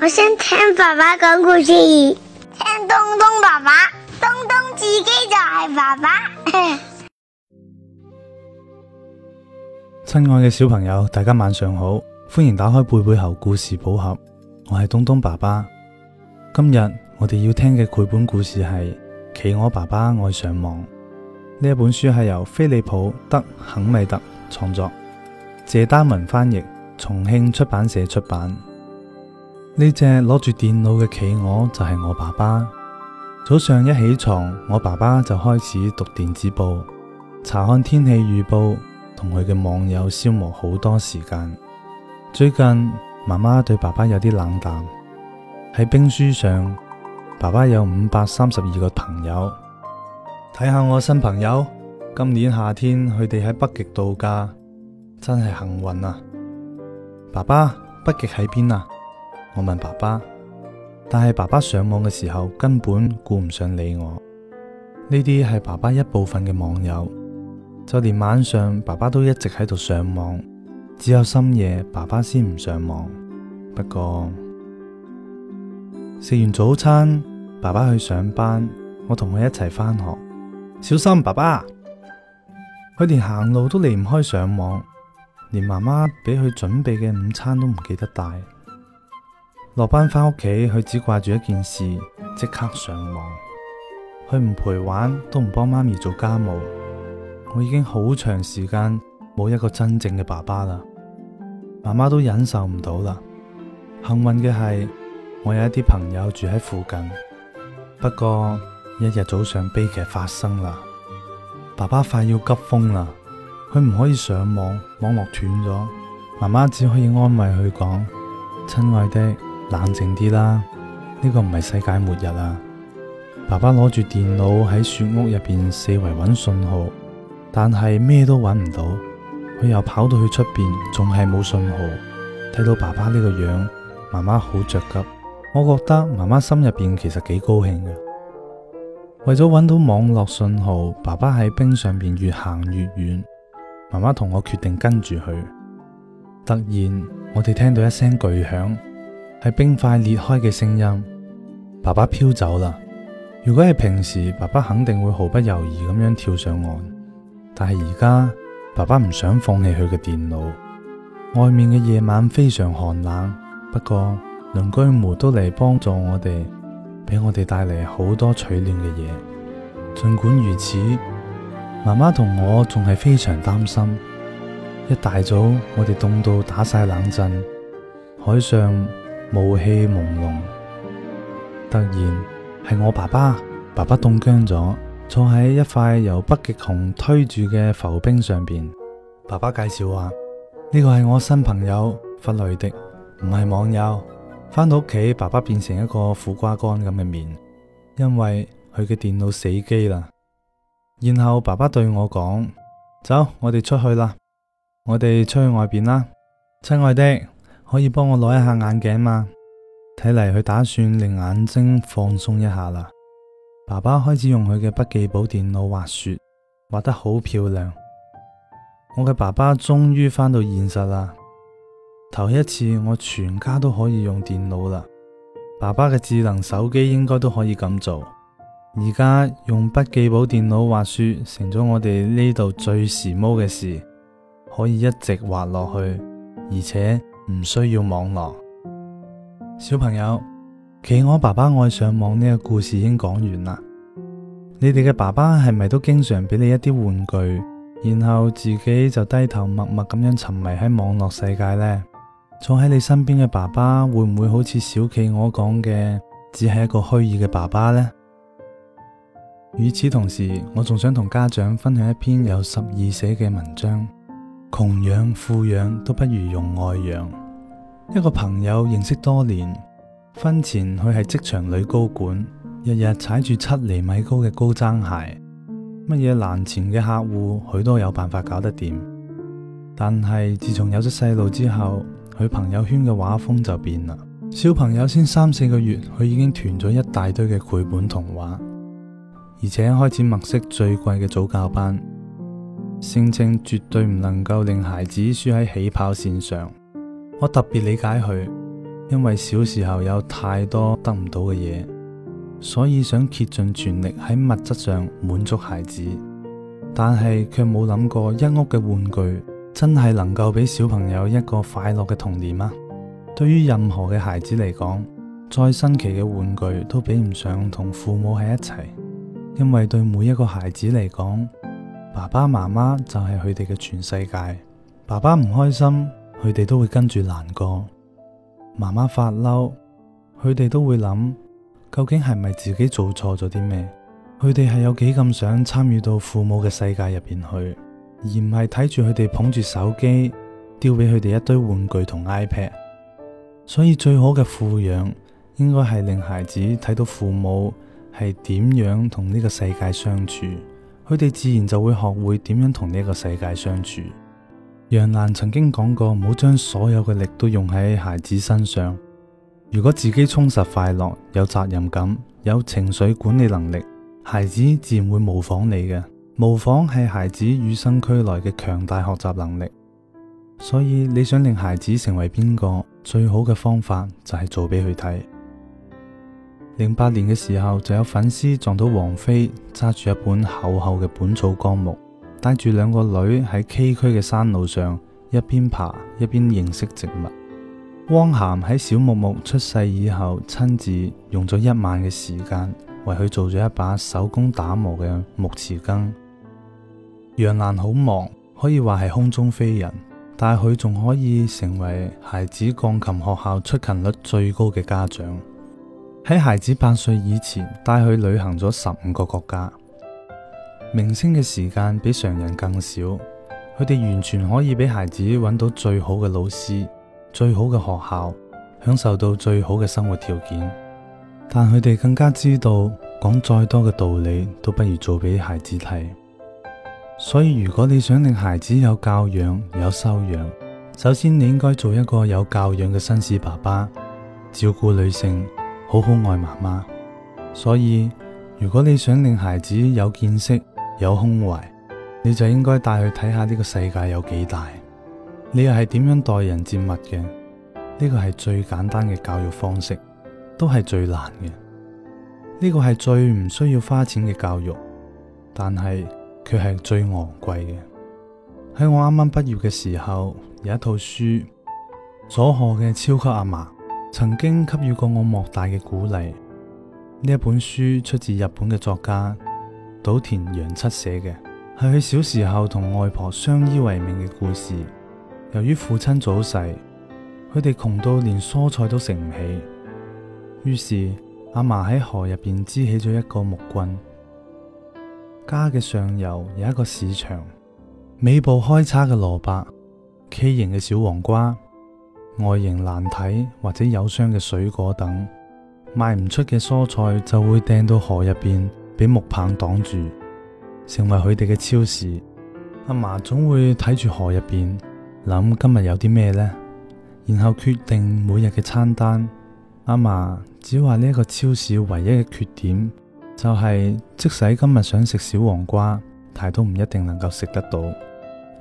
我想聽爸爸講故事。聽東東爸爸，東東自己就係爸爸。 親愛嘅小朋友，大家晚上好，歡迎打開貝貝猴故事寶盒，我係東東爸爸。今日我哋要聽嘅繪本故事係《企鵝爸爸愛上網》，呢一本書係由菲利普德肯米特。創作，謝丹雲翻譯，重慶出版社出版。呢隻攞住電腦嘅企鵝就係我爸爸。早上一起床，我爸爸就開始讀電子報，查看天氣預報，同佢嘅網友消磨好多時間。最近媽媽對爸爸有啲冷淡。喺冰書上，爸爸有五百三十二個朋友。睇下我新朋友。今年夏天佢哋喺北極度假，真係幸運啊！爸爸，北極喺邊啊？我問爸爸，但係爸爸上網嘅時候根本顧唔上理我。呢啲係爸爸一部分嘅網友，就連晚上爸爸都一直喺度上網，只有深夜爸爸先唔上網。不過食完早餐，爸爸去上班，我同佢一齊翻學。小心，爸爸！佢連行路都離唔開上網，連媽媽俾佢準備嘅午餐都唔記得帶。落班翻屋企，佢只掛住一件事，即刻上網。佢唔陪玩，都唔幫媽咪做家務。我已經好長時間冇一個真正嘅爸爸啦，媽媽都忍受唔到啦。幸運嘅係，我有一啲朋友住喺附近。不過，一日早上悲劇發生啦。爸爸快要急瘋啦，佢唔可以上網，網絡斷咗。媽媽只可以安慰佢講：親愛的，冷靜啲啦，呢個唔係世界末日啊！爸爸攞住電腦喺雪屋入邊四圍揾信號，但係咩都揾唔到。佢又跑到去出邊，仲係冇信號。睇到爸爸呢個樣，媽媽好着急。我覺得媽媽心入邊其實幾高興嘅。為咗揾到網絡信號，爸爸喺冰上邊越行越遠。媽媽同我決定跟住佢。突然，我哋聽到一聲巨響，係冰塊裂開嘅聲音。爸爸飄走啦。如果係平時，爸爸肯定會毫不猶豫咁樣跳上岸。但係而家，爸爸唔想放棄佢嘅電腦。外面嘅夜晚非常寒冷，不過鄰居們都嚟幫助我哋，俾我哋帶嚟好多取暖嘅嘢，盡管如此，媽媽同我仲係非常擔心。一大早，我哋凍到打晒冷震，海上霧氣朦朧。突然，係我爸爸，爸爸凍僵咗，坐喺一塊由北極熊推住嘅浮冰上邊。爸爸介紹話：呢個係我新朋友弗雷迪，唔係網友。翻到屋企，爸爸變成一個苦瓜乾咁嘅面，因為佢嘅電腦死機啦。然後爸爸對我講：走，我哋出去啦，我哋出去外邊啦。親愛的，可以幫我攞一下眼鏡嘛？睇嚟佢打算令眼睛放鬆一下啦。爸爸開始用佢嘅筆記簿電腦滑雪，滑得好漂亮。我嘅爸爸終於翻到現實啦。頭一次，我全家都可以用電腦啦。爸爸嘅智能手機應該都可以咁做。而家用筆記簿電腦滑雪，成咗我哋呢度最時髦嘅事，可以一直滑落去，而且唔需要網絡。小朋友，企鵝爸爸愛上網呢個故事已經講完啦。你哋嘅爸爸係咪都經常俾你一啲玩具，然後自己就低頭默默咁樣沉迷喺網絡世界呢？坐喺你身邊嘅爸爸會唔會好似小企鵝講嘅，只係一個虛擬嘅爸爸呢？與此同時，我仲想同家長分享一篇有十二寫嘅文章：窮養、富養都不如用愛養。一個朋友認識多年，婚前佢係職場女高管，日日踩住七厘米高嘅高踭鞋，乜嘢難纏嘅客戶，佢都有辦法搞得掂。但係自從有咗細路之後，佢朋友圈嘅畫風就變啦，小朋友先三四個月，佢已經囤咗一大堆嘅繪本童話，而且開始物色最貴嘅早教班，聲稱絕對唔能夠令孩子輸喺起跑綫上。我特別理解佢，因為小時候有太多得唔到嘅嘢，所以想竭盡全力喺物質上滿足孩子，但係卻冇諗過一屋嘅玩具，真係能夠俾小朋友一個快樂嘅童年嗎？對於任何嘅孩子嚟講，再新奇嘅玩具都比唔上同父母喺一齊。因為對每一個孩子嚟講，爸爸媽媽就係佢哋嘅全世界。爸爸唔開心，佢哋都會跟住難過；媽媽發嬲，佢哋都會諗究竟係咪自己做錯咗啲咩？佢哋係有幾咁想參與到父母嘅世界入邊去？而唔係睇住佢哋捧住手機，丟俾佢哋一堆玩具同 iPad。所以最好嘅富養，應該係令孩子睇到父母係點樣同呢個世界相處，佢哋自然就會學會點樣同呢個世界相處。楊瀾曾經講過，唔好將所有嘅力都用喺孩子身上。如果自己充實、快樂、有責任感、有情緒管理能力，孩子自然會模仿你嘅。模仿係孩子與生俱來嘅強大學習能力，所以你想令孩子成為邊個，最好嘅方法就係做俾佢睇。零八年嘅時候就有粉絲撞到王菲揸住一本厚厚嘅《本草綱目》，帶住兩個女喺崎嶇嘅山路上一邊爬一邊認識植物。汪涵喺小木木出世以後，親自用咗一晚嘅時間為佢做咗一把手工打磨嘅木匙羹。楊瀾好忙，可以話係空中飛人，但佢仲可以成為孩子鋼琴學校出勤率最高嘅家長。喺孩子八歲以前，帶佢旅行咗十五個國家。明星嘅時間比常人更少，佢哋完全可以俾孩子揾到最好嘅老師、最好嘅學校，享受到最好嘅生活條件。但佢哋更加知道，講再多嘅道理都不如做俾孩子睇。所以如果你想令孩子有教養、有修養，首先你應該做一個有教養嘅紳士爸爸，照顧女性，好好愛媽媽。所以如果你想令孩子有見識、有胸懷，你就應該帶佢睇下呢個世界有幾大，你又係點樣待人接物嘅？呢個係最簡單嘅教育方式，都係最難嘅。呢個係最唔需要花錢嘅教育，但係。佢係最昂貴嘅。喺我啱啱畢業嘅時候，有一套書《佐賀嘅超級阿嫲》曾經給予過我莫大嘅鼓勵。呢一本書出自日本嘅作家島田洋七寫嘅，係佢小時候同外婆相依為命嘅故事。由於父親早逝，佢哋窮到連蔬菜都食唔起，於是阿嫲喺河入邊支起咗一個木棍。家嘅上游有一個市場，尾部開叉嘅蘿蔔、畸形嘅小黃瓜、外形難睇或者有傷嘅水果等，賣唔出嘅蔬菜就會掟到河入邊，俾木棒擋住，成為佢哋嘅超市。阿嫲總會睇住河入邊，諗今日有啲咩呢？然後決定每日嘅餐單。阿嫲只話呢個超市唯一嘅缺點。就係，即使今日想食小黃瓜，但都唔一定能夠食得到。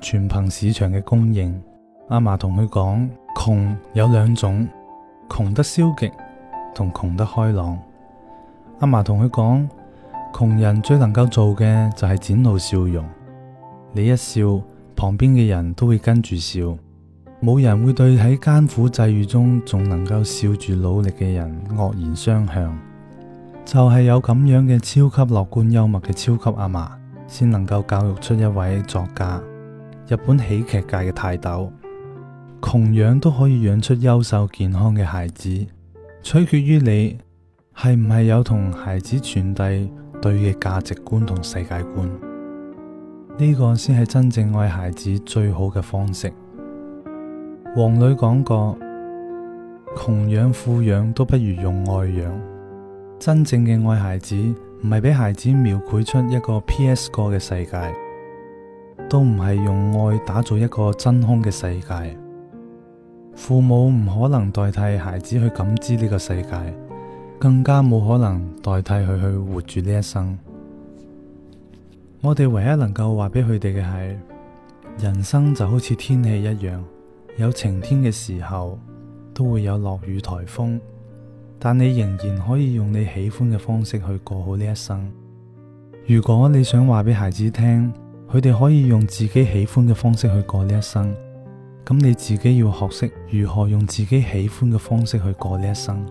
全憑市場嘅供應。阿嫲同佢講，窮有兩種，窮得消極同窮得開朗。阿嫲同佢講，窮人最能夠做嘅就係展露笑容。你一笑，旁邊嘅人都會跟住笑，冇人會對喺艱苦際遇中仲能夠笑住努力嘅人惡言相向。就係有咁樣嘅超級樂觀幽默嘅超級阿嫲，先能夠教育出一位作家，日本喜劇界嘅泰斗。窮養都可以養出優秀健康嘅孩子，取決於你係唔係有同孩子傳遞對嘅價值觀同世界觀。呢個先係真正愛孩子最好嘅方式。王磊講過，窮養富養都不如用愛養。真正嘅愛孩子，唔係俾孩子描繪出一個 PS 過嘅世界，都唔係用愛打造一個真空嘅世界。父母唔可能代替孩子去感知呢個世界，更加冇可能代替佢去活住呢一生。我哋唯一能夠話俾佢哋嘅係，人生就好似天氣一樣，有晴天嘅時候，都會有落雨台風。但，你仍然可以用你喜歡嘅方式去過好呢一生。如果你想話俾孩子聽，佢哋可以用自己喜歡嘅方式去過呢一生，咁你自己要學識如何用自己喜歡嘅方式去過呢一生。